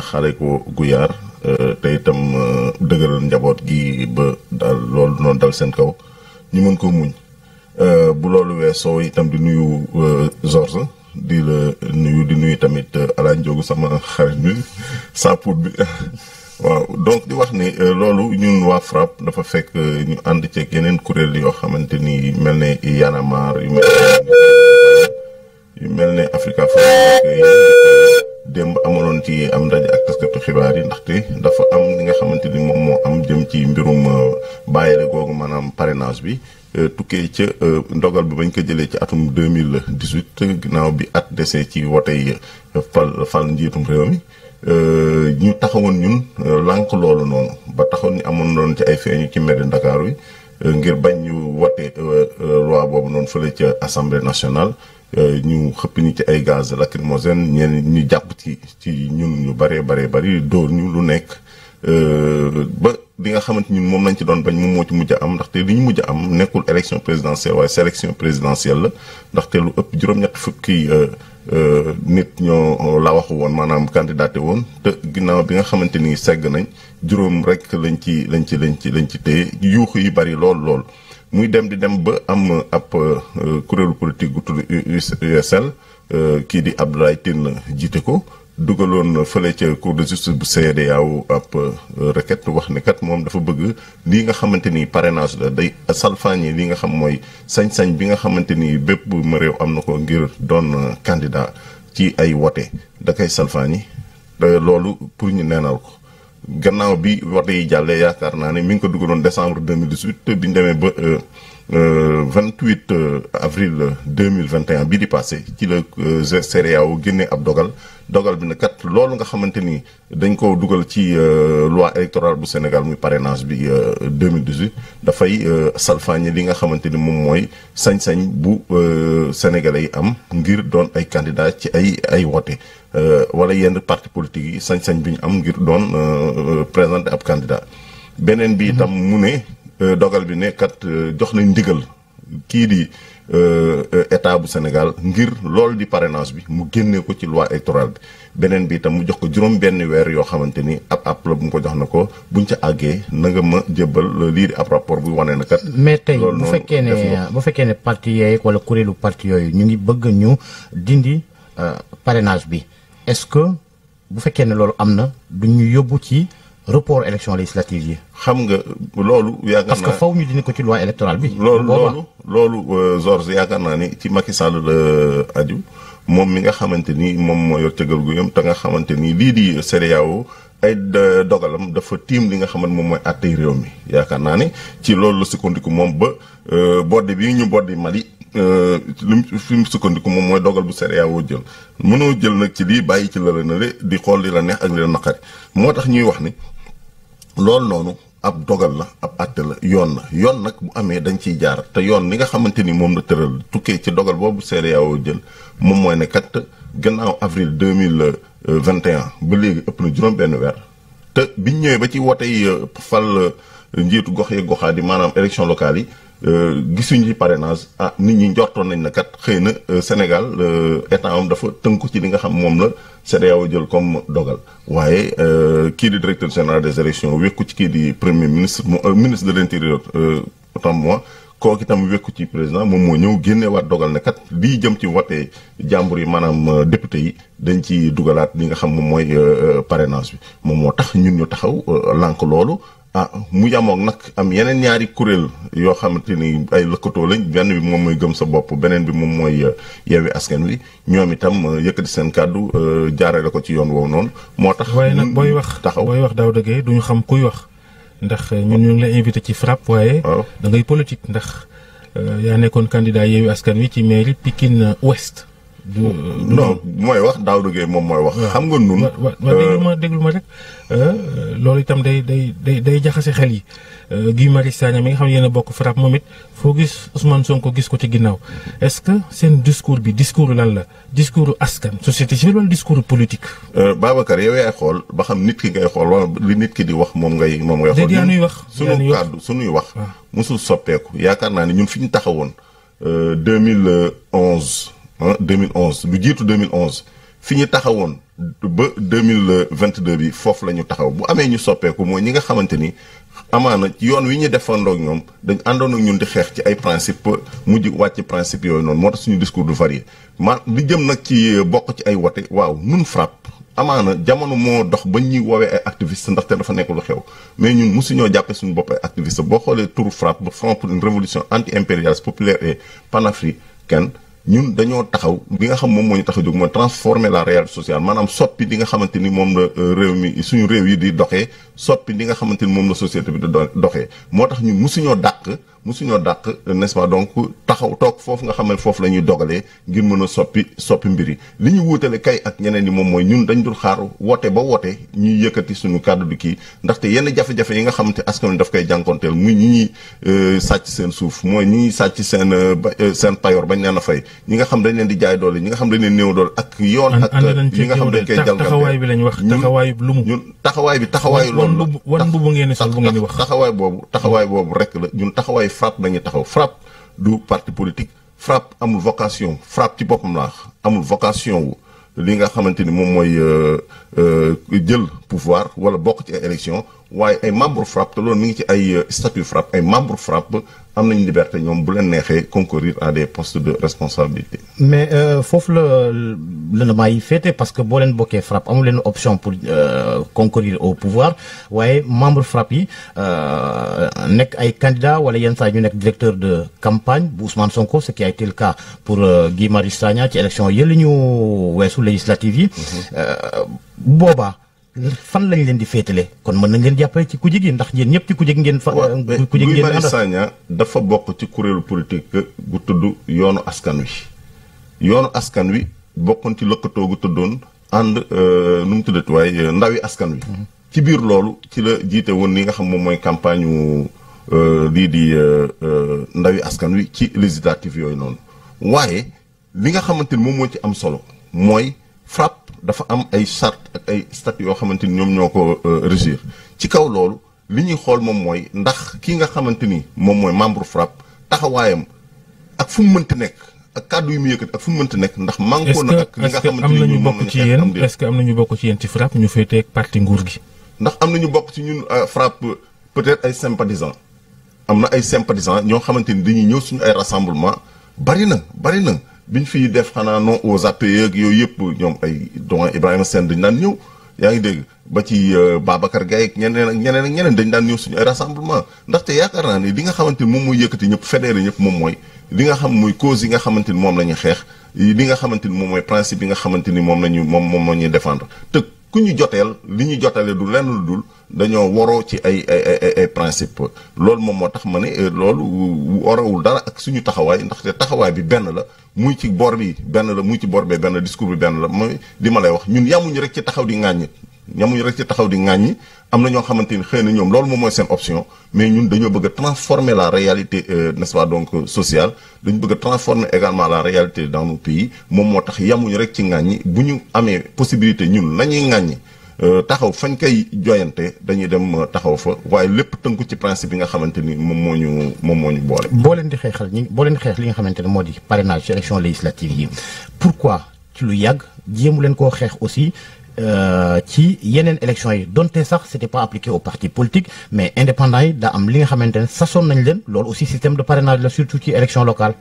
xale ko guyaar euh, te itam euh, dëgëral njaboot gi ba daal loolu noonu dal seen kaw ñu mën ko muñ euh, bu loolu yi tam di nuyu Georges di nuyu di nuyu tamit ala njóogu sama xarit bi sapout bi waaw donc di wax ni loolu ñun waa FRAPP dafa fekk ñu ànd ceeg yeneen kuréel yoo xamante ni mel ne Y'en a marre mel ne Africa Forum démb amaloon ci am ndaje ak taskatu xibaar yi ndaxte dafa am li nga xamante ni moom moo am jëm ci mbirum euh, bàyyile googu maanaam parrainage bi euh, tukkee ca euh, ndogal bi bañ ko jëlee ci atum deux mille dix huit ginnaaw bi at dese ci wotey fal fal njiitum réew mi. ñu taxawoon ñun lànk loolu noonu ba taxoon ñu amoon doon ci ay feeñu ci mairie Ndakaaru yi ngir bañ ñu wote loi boobu noonu fële ca assemblée nationale. Euh, ñu xëpp ni ci ay gaz lacrymogène ñeen ñu jàpp ci ci ñun ñu bëree bëree bari dóor ñu lu nekk euh, ba li nga xamante ñun moom lañ ci doon bañ moom moo ci mujj am ndaxte li ñu mujj am nekkul élection présidentielle waaye sélection présidentielle la ndaxte lu ëpp juróom-ñett fukki euh, nit ñoo la waxu woon maanaam candidaté woon te ginnaaw bi nga xamante ni segg nañ juróom rek lañ ci lañ ci lañ ci lañ ci téye yuuxu yi bëri lool lool. muy dem di dem ba am euh, ab euh, kuréelu politique gu tudd USL euh, kii di Abdoulaye Tine jiite ko dugaloon fële ca cour de justice bu CEDEAO ab requête wax ne kat moom dafa bëgg lii nga xamante ni parrainage la day salfaañi li nga xam mooy sañ-sañ bi nga xamante ni bépp ma réew am na ko ngir doon candidat ci ay wote da kay salfaañi loolu pour ñu neenal ko. gannaaw bi wote yi jàllee yaakaar naa ne mi ngi ko dugaloon décembre 2018 te bi ñu demee ba 28 euh, euh, euh, avril 2021 bii di passé ci la CEDEAO génnee ab dogal dogal bi na kat loolu nga xamante ni dañ koo dugal ci loi électorale bu Sénégal muy parrainage bi 2018 dafay salfaañe li nga xamante ni moom mooy sañ-sañ bu sénégalais yi am ngir doon ay candidats ci ay ay wote Euh, wala yenn parti politique yi sañ-sañ bi ñu am ngir doon euh, euh, présenter ab candidat beneen bi itam mu ne dogal bi ne kat jox nañ ndigal kii di état bu Sénégal ngir loolu di parrainage bi mu génnee ko ci loi électorale bi beneen bi itam mu jox ko juróom benn weer yoo xamante ni ab app la bu mu ko jox na ko buñ ca àggee na nga ma jébbal lii di ab rapport bu wanee na mais tey bu fekkee ne bu fekkee ne parti yooyu wala kuréelu parti yooyu ñu ngi bëgg ñu dindi parrainage bi. est-ce que bu fekkee ne loolu am na du ñu yóbbu ci report élection législative yi. xam nga loolu. yaakaar naa parce que faw ñu dina ko ci loi électorale bi. loolu loolu loolu euh, Georges yaakaar naa ni ci Macky Sall la euh, aju moom mi nga xamante ni moom moo yor cëgal gu yam te nga xamante ni lii di CEDEAO ay dogalam dafa tiim li nga xamante moom mooy àttey réew mi yaakaar naa ni ci loolu la sukkandiku moom ba euh, bodde bi ñu boddi Mali. Euh, li fi mu sukkandiku moom mooy dogal bu CEDEAO jël mënoo jël nag ci lii bàyyi ci la la nële di xool di la neex ak li la naqari moo tax ñuy wax ni loolu noonu ab dogal la ab àtte la yoon la yoon nag bu amee dañ ciy jaar te yoon li nga xamante ni moom la tëral tukkee ci dogal boobu CEDEAO jël moom mooy ne kat gannaaw avril deux mille vingt et un ba léegi ëpp na juróom benn weer te biñ ñëwee ba ci wotey euh, fal euh, njiitu gox yee goxaa di maanaam élection locale yi euh, gisuñu ci parrainage ah nit ñi njortoon nañ na kat xëy na Sénégal état am dafa tënku ci li nga xam moom la CEDEAO jël comme dogal waaye kii di directeur général des élections wékku ci kii di premier ministre ministre de l' intérieur autant moi kook itam wekku ci président moom moo ñëw génneewaat dogal ne kat lii jëm ci wote jàmbur yi maanaam euh, député yi dañ ci dugalaat li nga xam moom mooy euh, euh, parrainage bi moom moo tax ñun ñu taxaw lànk loolu ah mu yamoog nag am yeneen ñaari kuréel yoo xamante ni ay lëkkatoo lañ benn bi moom mooy gëm sa bopp beneen bi moom mooy yeewi askan wi ñoom itam yëkkati seen kàddu jaarale ko ci yoon wow noonu moo tax waaye nag booy wax taxaw booy wax daw dëggee duñu xam kuy wax ndax euh, ñun ñu ngi lay invité ci FRAPP waaye. da ngay politique ndax euh, yaa nekkoon candidat Yewwi Askan Wi ci mairie Pikine Ouest. Mm, non mooy wax Daouda Gueye moom mooy wax. xam nga nun ma wa euh, déglu ma déglu ma rek euh, loolu itam day day day day jaxase xel yi euh, Guy Marius Sagna mi nga xam ne yéen a bokk FRAPP moom it foo gis Ousmane Sonko gis ko ci ginnaaw est-ce que seen discours bi discours lan la discours askan société civile wala discours politique. Babacar yow yaay xool ba xam nit ki ngay xool wala li nit ki di wax moom ngay moom ngay. xool ñun wax suñu kàddu suñuy wax. Ah. mosul soppeeku yaakaar naa ne ñun fi ñu taxawoon 2011. ah 2011 lu jiitu 2011 fi ñu taxawoon ba vingt 2022 bi foofu la ñu taxaw bu amee ñu soppeeku mooy ñi nga xamante ni amaana yoon wi ñu defandoo ak ñoom dañ àndoon ak ñun di xeex ci ay principe mujj wàcc principe yooyu noonu moo tax suñu discours du varié ma li jëm nag ci euh, bokk ci ay wote waaw nun frappe amaana jamono moo dox ba ñu woowee ay activiste ndaxte dafa nekk lu xew mais ñun mosuñoo jàppee suñu bopp ay activiste boo xoolee turu frappe ba front pour une révolution anti impérialiste populaire et panafricaine ñun dañoo taxaw bi nga xam moom moo ñu tax a mooy transformer la réalité sociale maanaam soppi dinga xamante ni moom la euh, réew mi suñu réew yi di doxee soppi li nga xamante ni moom la société bi di doxee moo tax ñu musuñoo dàq. musuñoo dàq n'est-ce pas donc taxaw toog foofu nga xam foofu la ñuy dogalee ngir mën a soppi soppi mbiri li ñu wuutale kay ak ñeneen yi moom mooy ñun dañ dul xaar woote ba woote ñuy yëkkati suñu kàddu di kii ndaxte yenn jafe-jafe yi nga xamante askan wi daf koy jànkonteel muy ñi ñuy euh, sàcc seen suuf mooy ñi ñuy sàcc seen euh, euh, seen payoor bañ leen a fay ñi xam dañ leen di jaay doole ñi nga xam dañ leen néew doole ak yoon ak yi nga xam dañ koy jàngal taxawaay bi lañ wax taxawaay bi lumu ñun taxawaay bi taxawaayu loolu la taxawaay boobu taxawaay boobu rek la ñun taxawaay waaye FRAPP nañu taxaw frap du parti politique FRAPP amul vocation FRAPP ci boppam laax amul vocation wu li nga xamante ni moom mooy euh, euh, jël pouvoir wala bokk ci élection waaye ay membre FRAPP te loolu mi ngi ci ay euh, statut FRAPP ay membre FRAPP am nañu liberté ñoom bu leen neexee concourir à des postes de responsabilité. mais euh, foofu la lëndëmaa yi féete parce que boo leen bokkee FRAPP amu leen option pour euh, concourir au pouvoir waaye membre FRAPP yi nekk ay candidats wala yenn saa ñu nekk directeur de campagne bu Ousmane Sonko ce qui a été le pour Guy Marius Sagna ci élection yële ñu weesu législative yi. Mhm. boobaa. fan lañ leen di féetale kon mën nañ leen jàppale ci kuje gi ndax yéen ñëpp ci kuje gi ngeen. fa euh, kuje gi ngeen dafa bokk ci kuréelu politique gu tudd yoonu askan wi. yoonu askan wi bokkoon ci lëkkatoo gu tuddoon ànd euh, nu mu tuddati waaye euh, ndawi askan wi. Mhm. ci biir loolu ci la jiite woon li nga xam moom campagne yu lii di ndawi askan wi ci législative yooyu noonu waaye li nga xamante ni moom moo ci am solo mooy FRAPP. dafa am ay charte ak ay statut yoo xamante ni ñoom ñoo ko euh, régir ci kaw loolu li ñuy xool moom mooy ndax kii nga xamante ni moom mooy membre FRAPP taxawaayam ak fu mu mënti nekk ak kàddu yu mu yëkkati ak fu mu mënti nekk ndax. mànkoo na ak li nga xamante ni ñu moom ci yéen est-ce que am na ñu bokk ci yéen ci FRAPP ñu féetee parti nguur gi. ndax am na bokk ci ñun euh, FRAPP peut-être ay sympathisants am na ay sympathisants ñoo xamante ni ñuy ñëw suñu ay rassemblement bari na bari na. biñ fi def xanaa non aux APE yooyu yëpp ñoom ay don Ibrahima seen dañ daan ñëw yaa ngi dégg ba ci euh, Babacar Gaye ak ñeneen ak ñeneen ak ñeneen dañ daan ñëw suñu ay rassemblement ndaxte yaakaar naa ni li nga xamante ni moom mooy yëkkati ñëpp fédéré ñëpp moom mooy li nga xam mooy cause yi nga xamante ni moom la xeex li nga xamante ni moom mooy principe yi nga xamante ni moom la ñu moom moom la ñuy défendre te ku ñu joteel li ñu jotelee du lenn lu dul dañoo waroo ci ay ay ay principe loolu moom moo tax ma ne euh, loolu warawul dara ak suñu taxawaay ndaxte taxawaay bi benn la muy ci boor bi benn la muy ci bor bee benn la discours bi benn la mooy li ma lay wax ñun yamuñu rek ci taxaw di ŋàññi yamuñu rek ci taxaw di ŋàññi am na ñoo xamante ni xëy na loolu moom mooy seen option mais ñun dañoo bëgg a la réalité euh, n'est-ce pas donc sociale dañu bëgg a transformer également la réalité dans nos pays moom moo tax yamuñu rek ci ŋàññi bu ñu amee possibilité ñun nañuy ŋàññi Euh, taxaw fañ koy jooyante dañuy dem euh, taxaw fa waaye lépp tënku ci principe bi nga xamante ni moom moo ñu moom moo ñu boole. boo leen di xeexal ñi boo leen xeex li nga xamante ne moo di parrainage ci élection législative yi pourquoi ci lu yàgg jéemu leen koo xeex aussi. Euh, ci yeneen élection yi donte sax c'était pas appliqué aux partis politiques mais indépendants yi daa am li nga xamante ne sasoon nañ leen loolu aussi système de parrainage la surtout ci élection locale.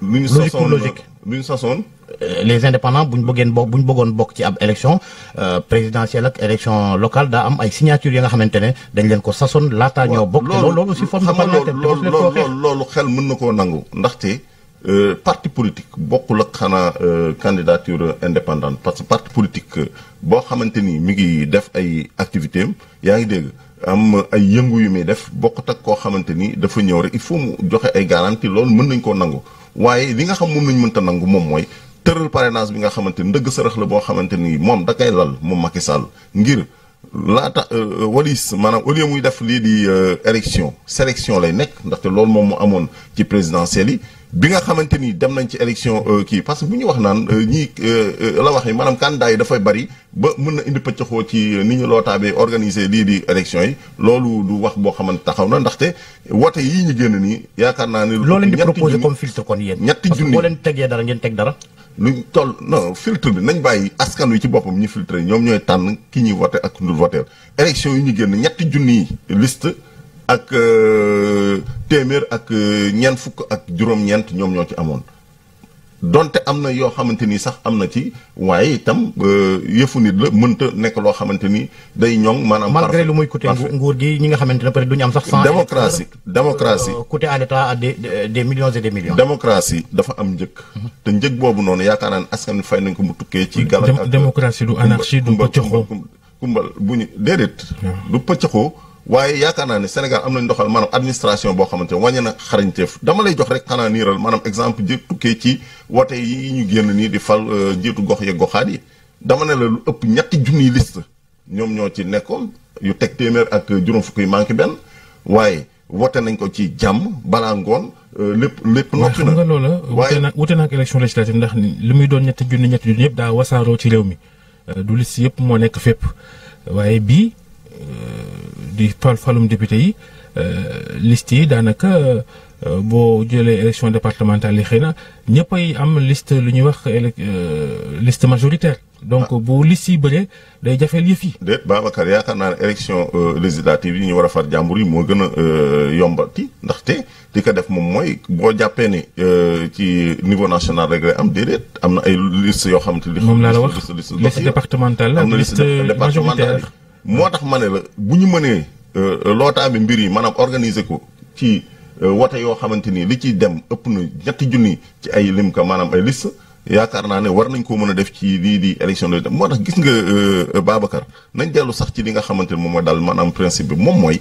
lu ñu sasoon logique bu ñu sasoon euh, les indépendants bu ñu bëggeen bokk bëggoon bokk ci ab élection euh, présidentielle ak élection local daa am ay signature yi nga xamante ne dañ leen ko sasoon laataa ñoo bokk loolu loolu si forme parlementaire loolu xel mën na koo nangu ndaxte euh, parti politique bokkul ak xanaa candidature indépendante parce que parti politique boo xamante ni mi ngi def ay activité am yaa ngi dégg am ay yëngu yu muy def bokk ak koo xamante ni dafa ñëw rek il faut mu joxe ay garantie loolu mën nañ koo nangu waaye li nga xam moom lañ mënta nangu moom mooy tëral parrainage bi nga xamante ni ndëgg sërëx la boo xamante ni moom da koy lal moom Macky Sall ngir laata euh, walis maanaam au lieu muy def lii di euh, élection sélection lay nekk ndaxte loolu moom mu amoon ci présidentielle yi bi nga xamante ni dem nañ ci élection euh, kii parce que bu ñu wax naan euh, ñii euh, la wax ni maanaam candidat yi dafay bari ba mën na indi pëccëxoo ci ni ñu lootaabee organiser lii di élection yi loolu du wax boo xamante taxaw na ndaxte wote yi ñu génn nii yaakaar naa ne. loolu di proposé comme filtre kon yéen. ñetti junni parce que boo leen tegee dara ngeen teg dara. luñ bi nañ bàyyi askan wi ci boppam ñu filtre ñoom ñooy tànn ki ñuy voté ak ku dul voté élection yi ñu génn ñetti junni liste ak. téeméer ak ñeent fukk ak juróom-ñeent ñoom ñoo ci amoon donte am na yoo xamante ni sax am na ci waaye itam yëfu nit la mënta nekk loo xamante ni day ñoŋ maanaam. malgré lu muy côté nguur gi ñi nga xamante ne peut-être du ñu am sax. sans démocratie démocratie côté à l'état des millions et des millions. démocratie dafa am njëg. te njëg boobu noonu yaakaar naa askan wi fay nañ ko mu tukkee ci. gàllankoor démocratie du anarchie du pëccëxoo bu ñu déedéet. du pëccëxoo. waaye yaakaar naa ne Sénégal am nañ doxal maanaam administration boo xamante ne wàññi na xarañteef dama lay jox rek xanaa niiral maanaam exemple ji tukkee ci wote génn nii di fal euh, njiitu gox yeeg goxaat yi dama ne la lu ëpp ñetti junniy liste ñoom ñoo ci nekkoon yu teg téeméer ak juróom fukk yu manqué benn waaye wote nañ ko ci jàmm balaa ngoon euh, lépp lépp noppi na. waaye xam nga loola wute na wute na ak élection législative ndax li muy doon ñetti junni ñetti junni yëpp daa wasaaroo ci réew mi euh, du liste yëpp moo nekk fépp waaye bii di falum député yi euh, liste yi daanaka euh, boo jëlee élection départementale yi xëy na ñëpp ay am liste lu ñuy wax euh, liste majoritaire. donc ah. bu liste yi bëree day jafeel yëf yi. de Babacar yaakaar naa ne élection législative yi ñu war a far jàmbur yi moo gën a yombati ndaxte li ko def moom mooy boo jàppee ni ci niveau national rek lay am déedéet am na ay liste yoo xamante ni. moom laa la wax liste départementale la am na liste moo tax ma ne la bu ñu mënee euh, euh, lootaa bi mbir yi man maanaam organiser ko ci euh, wote yoo xamante ni li ciy dem ëpp na ñetti junni ci ay lim ka maanaam ay liste yaakaar naa ne war nañ koo mën a def ci lii di élection de moo tax gis nga Babacar nañ dellu sax ci li nga xamante ne moom mooy daal maanaam principe bi moom mooy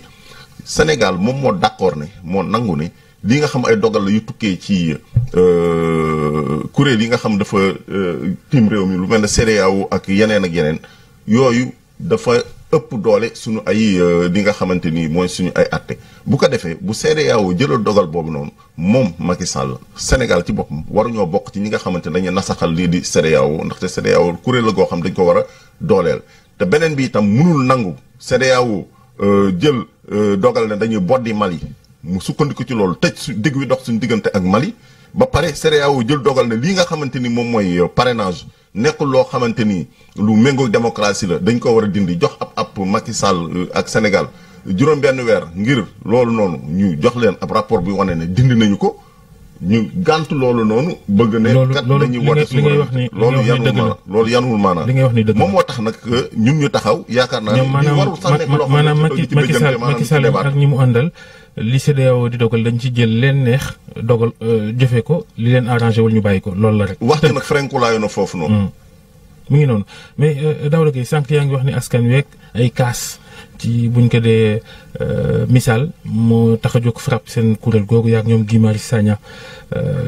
Sénégal moom moo d'accord ne moo nangu ne lii nga xam ay dogal la yu tukkee ci kuréel yi nga xam dafa tiim réew mi lu mel ne CEDEAO ak yeneen ak yeneen yooyu dafa ëpp doole suñu ay euh, li nga xamante ni mooy suñu ay atte bu ko defee bu CEDEAO jëlal dogal boobu noonu moom Macky Sall Sénégal ci boppam waruñoo bokk ci ñi nga xamante ne dañuy nasaxal lii di CEDEAO ndaxte CEDEAO kuréel la goo xam dañ ko war a dooleel te beneen bi itam mënul nangu CEDEAO euh, jël euh, dogal ne dañuy boddi Mali mu sukkandiku ci loolu te su digg wi dox suñu diggante ak Mali ba pare CEDEAO jël dogal ne lii nga xamante ni moom mooy parrainage nekkul loo xamante ni lu méngoo démocratie la dañ ko war a dindi jox ab ab Macky Sall euh, ak Sénégal juróom-benn weer ngir loolu noonu ñu jox leen ab rapport bi wane ne dindi nañu ko ñu gànt loolu noonu. bëgg ne kat dañuy woote su loolu yanul maanaam loolu yanul maanaam. li ngay wax ni dëgg moom moo tax nag euh, ñun ñu taxaw. yaakaar naa ne warul sax nekk maanaam ak ñi mu àndal. li CEDEAO di dogal dañ ci jël leen neex dogal euh, jëfee ko li leen arrangé wul ñu bàyyi ko loolu la rek. wax nag frenkulaayu na foofu noonu. Mm. mu ngi noonu mais euh, Daouda Gueye sànq yaa ngi wax ni askan week ay kaas ci buñ ko dee euh, misaal moo tax a jóg frapp seen kuréel googu yaak ñoom Guy Marius Sagna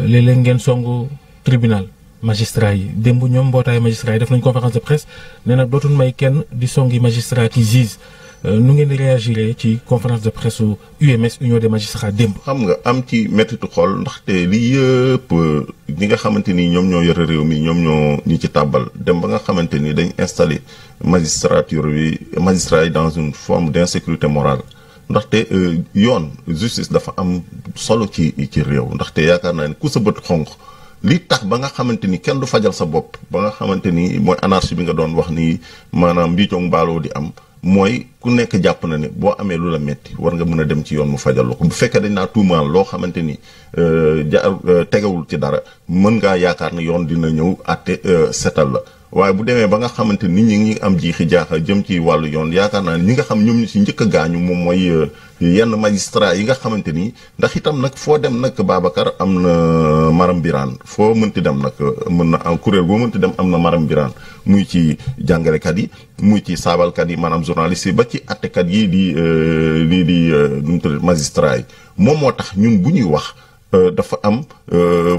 léeg-léeg ngeen songu tribunal magistrat yi démb ñoom mbootaayu magistrat yi def nañ conférence de presse nee na dootul may kenn di songi magistrat ci juge Euh, nu ngeen di réagir ci conférence de presse UMS union des magistrats démb. xam nga am ci méttitu xol ndaxte li yëpp euh, ñi nga xamante ni ñoom ñoo yore réew mi ñoom ñoo ñi ci tàbbal dem ba nga xamante ni dañ installé magistrature bi magistrat yi dans une forme d' insécurité morale. ndaxte euh, yoon justice dafa am solo ci ci réew ndaxte yaakaar naa ni ku sa bët xonq li tax ba nga xamante ni kenn du fajal sa bopp ba nga xamante ni mooy anarchie bi nga doon wax nii maanaam mbiicoo mbaaloo di am mooy ku nekk jàpp na ne boo amee lu la metti war nga mën a dem ci yoon mu fajal la ko bu fekkee dañ naa tuumaal loo xamante ni euh, ja euh, tegewul ci dara mën ngaa yaakaar ne yoon dina ñëw àtte euh, setal la waaye bu demee ba nga xamante nit ñi ngi am jiixi jaaxa jëm ci wàllu yoon yaakaar naa ñi nga xam ñoom ñu si njëkk gaañu moom mooy euh, yenn magistrat yi nga xamante ni ndax itam nag foo dem nag Babacar am na Maram Birane foo mënti dem nag euh, mën na am kuréel boo mënti dem am na Maram Birane muy ci jàngalekat yi muy ci saabalkat yi maanaam journaliste yi ba ci attekat yi di euh, di di nu mu tudd yi moom moo tax ñun bu ñuy wax dafa am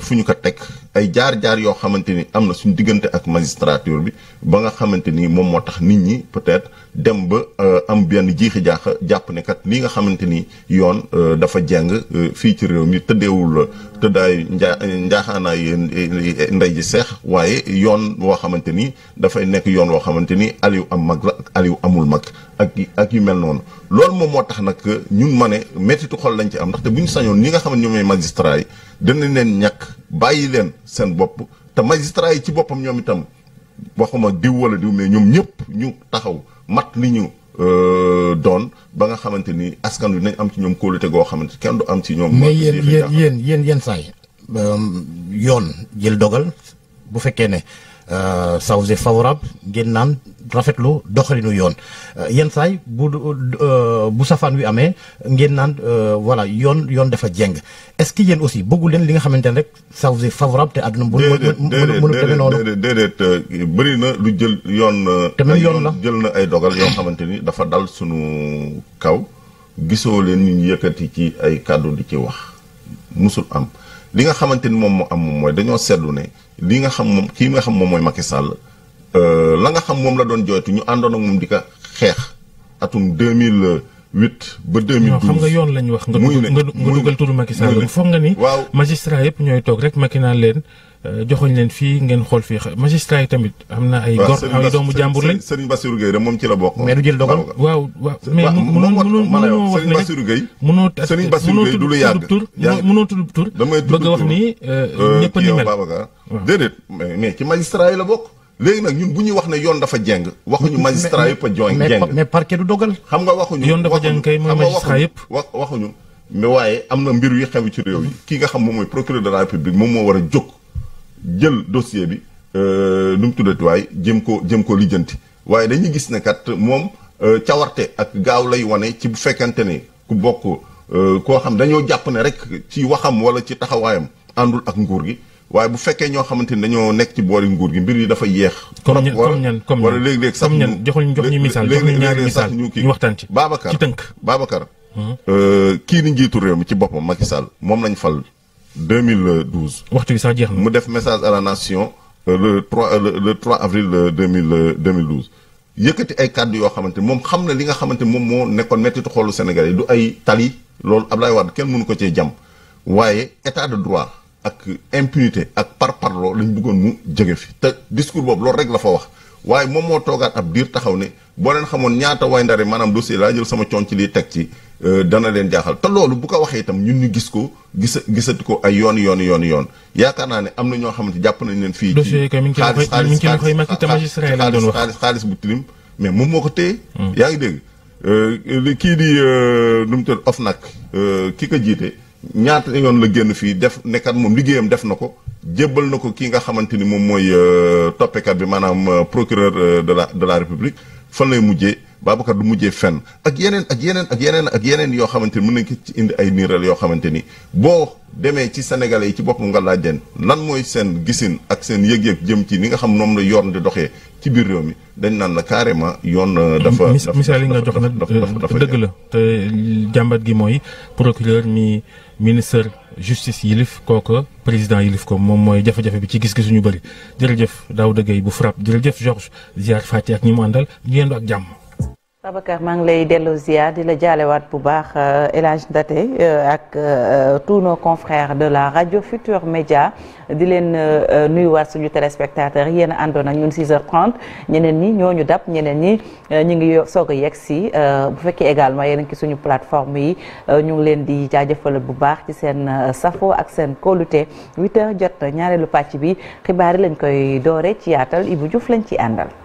fu ñu ko tek ay jaar-jaar yoo xamante ni am na suñu diggante ak magistrature bi ba nga xamante ni moom moo tax nit ñi peut-être dem ba euh, am benn jiixi jaaxa jàpp ne kat lii nga xamante ni yoon euh, dafa jeng euh, fii ci réew mi tëddeewul tëddaay njaa njaaxaanaay ndey ji seex waaye yoon woo xamante ni dafay nekk yoon woo xamante ni aliw am mag la ak aliw amul mag ak ak yu mel noonu loolu moom moo tax nag ñun ma ne méttitu xol lañ ci am ndaxte bu ñu sañoon ñi nga xam ne ñoom ñooy yi danañ leen ñàkk bàyyi leen seen bopp te magistrat yi ci boppam ñoom itam waxuma diw wala diw mais ñoom ñëpp ñu taxaw mat li ñu euh, doon ba nga xamante ni askan wi nañ am ci ñoom kóolute goo xamante kenn du am ci ñoom. mais yéen yéen yéen yéen yéen saay euh, yoon jël dogal bu fekkee ne. Euh, ça vous est ngeen naan rafetlu doxalinu yoon euh, yenn saay bu euh, bu safaan wi amee ngeen naan voilà yoon yoon dafa jeng est-ce que yéen aussi bëggu leen li nga xamante ne rek ça vous est favorable te àdduna bu mënu demee noonu bëri na lu jël yoon te même yoon jël na ay dogal yoo xamante ni dafa dal suñu kaw gisoo leen ñu yëkkati ci ay kàddu di ci wax musul am li nga xamante ni moom moo am mooy dañoo seetlu ne li nga xam moom kii nga xam moom mooy Macky sàll euh, la nga xam moom la doon jooytu ñu àndoon moom di a xeex atum 2000 huit ba deux mille douze xam nga yoon lañ wax. nga dugal nga dugal turu Macky Sall. foog nga ni. waaw magistrat yëpp ñooy toog rek Macky naan leen. Euh, joxoñ leen fii ngeen xool fii magistrat yi tamit am na ay gor ay doomu jàmbur lañ Serigne Bassirou Gueye moom ci la bokk mais du jël dogal waaw waaw mais mënoo mënoo wax ne Bassirou Gueye mënoo a euh, euh, ci magistrat la bokk léegi nag ñun bu ñuy wax ne yoon dafa jeng waxuñu magistrat yëpp a jooñ jeng mais parquet du dogal xam nga waxuñu yoon dafa jeng kay waaye am na mbir yu xew ci réew yi kii nga xam moom mooy procureur de la moom moo war a jóg jël dossier bi euh, nu mu tuddati jëm ko jëm ko lijjanti waaye dañuy gis ne kat moom euh, cawarte ak gaaw lay wone ci bu fekkante ni ku bokk euh, koo xam dañoo jàpp ne rek ci waxam wala ci taxawaayam àndul ak nguur gi waaye bu fekkee ñoo xamante ni dañoo nekk ci boori nguur gi mbir yi dafa yeex. comme ñan comme ñan comme ñan wala léeg-léeg sax ñu jox ñu misaal jox ñu ñaari misaal ñu waxtaan ci Babacar ci tënk Babacar. Hmm? kii ni njiitu réew mi ci boppam Macky moom lañ fal. deux 2012. waxtu bi sax jeex na mu def message à la nation euh, le 3 euh, le 3 avril 2000 euh, 2012. yëkkati ay kàddu yoo xamante moom xam na li nga xamante moom moo nekkoon mettitu xoolu Sénégal yi du ay tali loolu Ablaye Wade kenn mënu ko cee jàmm waaye état de droit ak impunité ak parparloo lañ buggoon mu jege fi te discours boobu loolu rek la fa wax waaye moom moo toogaat ab diir taxaw ne boo leen xamoon ñaata way ndare maanaam dossier laa jël sama coon ci lii teg ci Euh, dana leen jaaxal te loolu bu ko waxee itam ñun ñu gis ko gis gisatu ko ay yoon yoon yoon yoon yaakaar naa ne am na ñoo xamante jàpp nañ leen fii ci xaalis xaalis xaalis xaalis bu tilim mais moom moo ko téye hmm. yaa ngi dégg euh, kii di euh, nu mu tudd OFNAC ki ka jiite ñaata yoon la génn fii def nekkat moom liggéeyam def na ko jébbal na ko kii nga xamante ni moom mooy toppekat bi maanaam procureur de la de la république fan lay mujjee Babacar du mujjee fen ak yeneen ak yeneen ak yeneen ak yeneen yoo xamante ni mën nañ ko ci indi ay niiral yoo xamante ni boo demee ci sénégalais yi ci bokk nga laaj leen lan mooy seen gisin ak seen yëg-yëg jëm ci li nga xam moom la yoon di doxee ci biir réew mi dañ naan la carrément yoon. Euh, dafa dafa misaal yi nga jox nag dëgg la te jàmbat gi mooy procureur mi ministre justice yilif kooka président yilif ko moom mooy jafe-jafe bi ci gis-gis ñu bëri jërëjëf daaw Gueye bu fra jërëjëf Georges Ziar Fati ñi mu àndal ñu ak jàmm. Babacar maa ngi lay delloo ziar di la jaalewaat bu baax euh, El Hadj Ndaté euh, ak euh, tous nos confrères de la radio Futur Média di leen nuyuwaat suñu téléspectateurs yéen a àndoon ak ñun 6h30 ñeneen ñi ñoo ñu dab ñeneen ñi ñu ngi soog a yegg si bu fekkee également yéen ki suñu plateforme yi ñu ngi leen di jaajëfal bu baax ci seen safo ak seen kóolute 8h jot ñaareelu pàcc bi xibaar yi lañ koy doore ci yaatal Ibou Diouf lañ ci àndal.